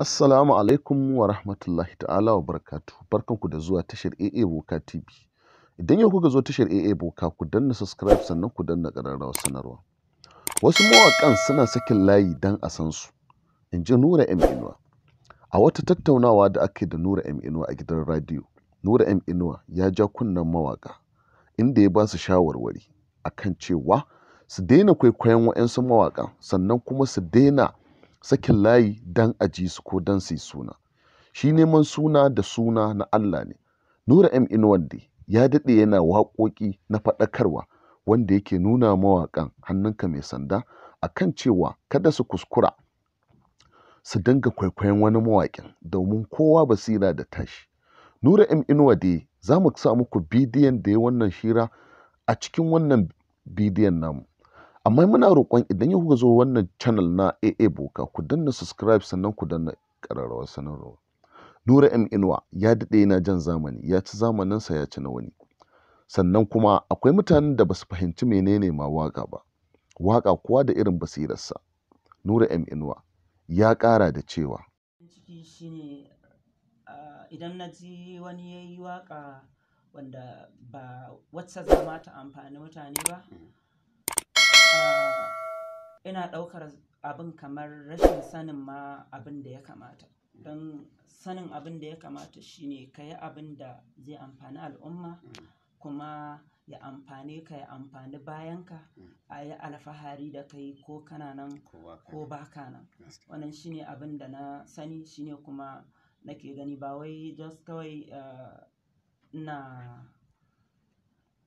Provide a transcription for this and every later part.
Assalamu alaikum wa rahmatullahi ta'ala wa barkatu Barkanku da zuwa tashar AA Boka TV. Idan yau kuka zo tashar AA Boka ku danna subscribe sannan ku danna ƙararrawar sanarwa. Wasu mawaƙan suna sakin layi dan a san su. In ji Nura M Inuwa. A wata tattaunawa da ake da Nura M Inuwa a gidan radiyo, Nura M Inuwa ya ja kunnen mawaƙa inda ya ba su shawarwari akan cewa su daina kwaikwayon wayansu mawaƙa sannan kuma su daina sakin layi dan a ji su ko dan su yi suna. Shi neman suna da suna na Allah ne. Nura M Inuwande ya daɗe yana waƙoƙi na faɗakarwa wanda yake nuna mawaƙan hannunka mai sanda a kan cewa kada su kuskura su dinga kwaikwayon wani mawaƙin domin kowa basira da tashi. Nura M Inuwande za mu sa muku bidiyon da ya wannan shira a cikin wannan bidiyon namu. Amma muna roƙon idan ya zo wannan channel na AA Boka ku danna subscribe sannan ku danna ƙararrawa sanarwa. Nura M Inuwa ya daɗe yana jan zamani ya ci zamaninsa ya ci na wani. Sannan kuma akwai mutanen da ba su fahimci menene ma waƙa ba. Waƙa kuwa da irin basirarsa. Nura M Inuwa ya ƙara da cewa. na ji wani ya yi waƙa ba wacce zama amfani mutane ba. Mm. ina ɗaukar abin kamar rashin sanin ma abin da ya kamata don sanin abin da ya kamata shine ka yi abin da zai amfani al'umma kuma ya amfani ka ya amfani bayanka a yi alfahari da kai ko kana nan ko ba ka nan wannan shine abin da na sani shine kuma nake gani ba wai just kawai eh, na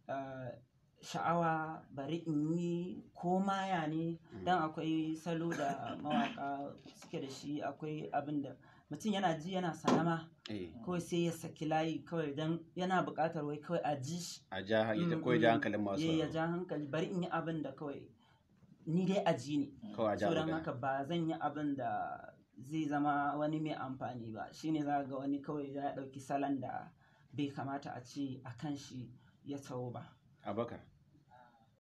eh, sha'awa bari in yi ko maya ne mm. don akwai salo da mawaka suke da shi akwai abin da mutum yana ji yana sanama eh. kawai sai ya saki layi kawai don yana buƙatar wai kawai a ji shi a ja mm, mm. hankalin masu eh, ya ja hankali bari in yi abin da kawai ni dai a ji ne kawai don haka ba zan yi abin da zai zama wani mai amfani ba shine za ga wani kawai ya ɗauki salon da bai kamata a ce a kan shi ya tsawo ba abakar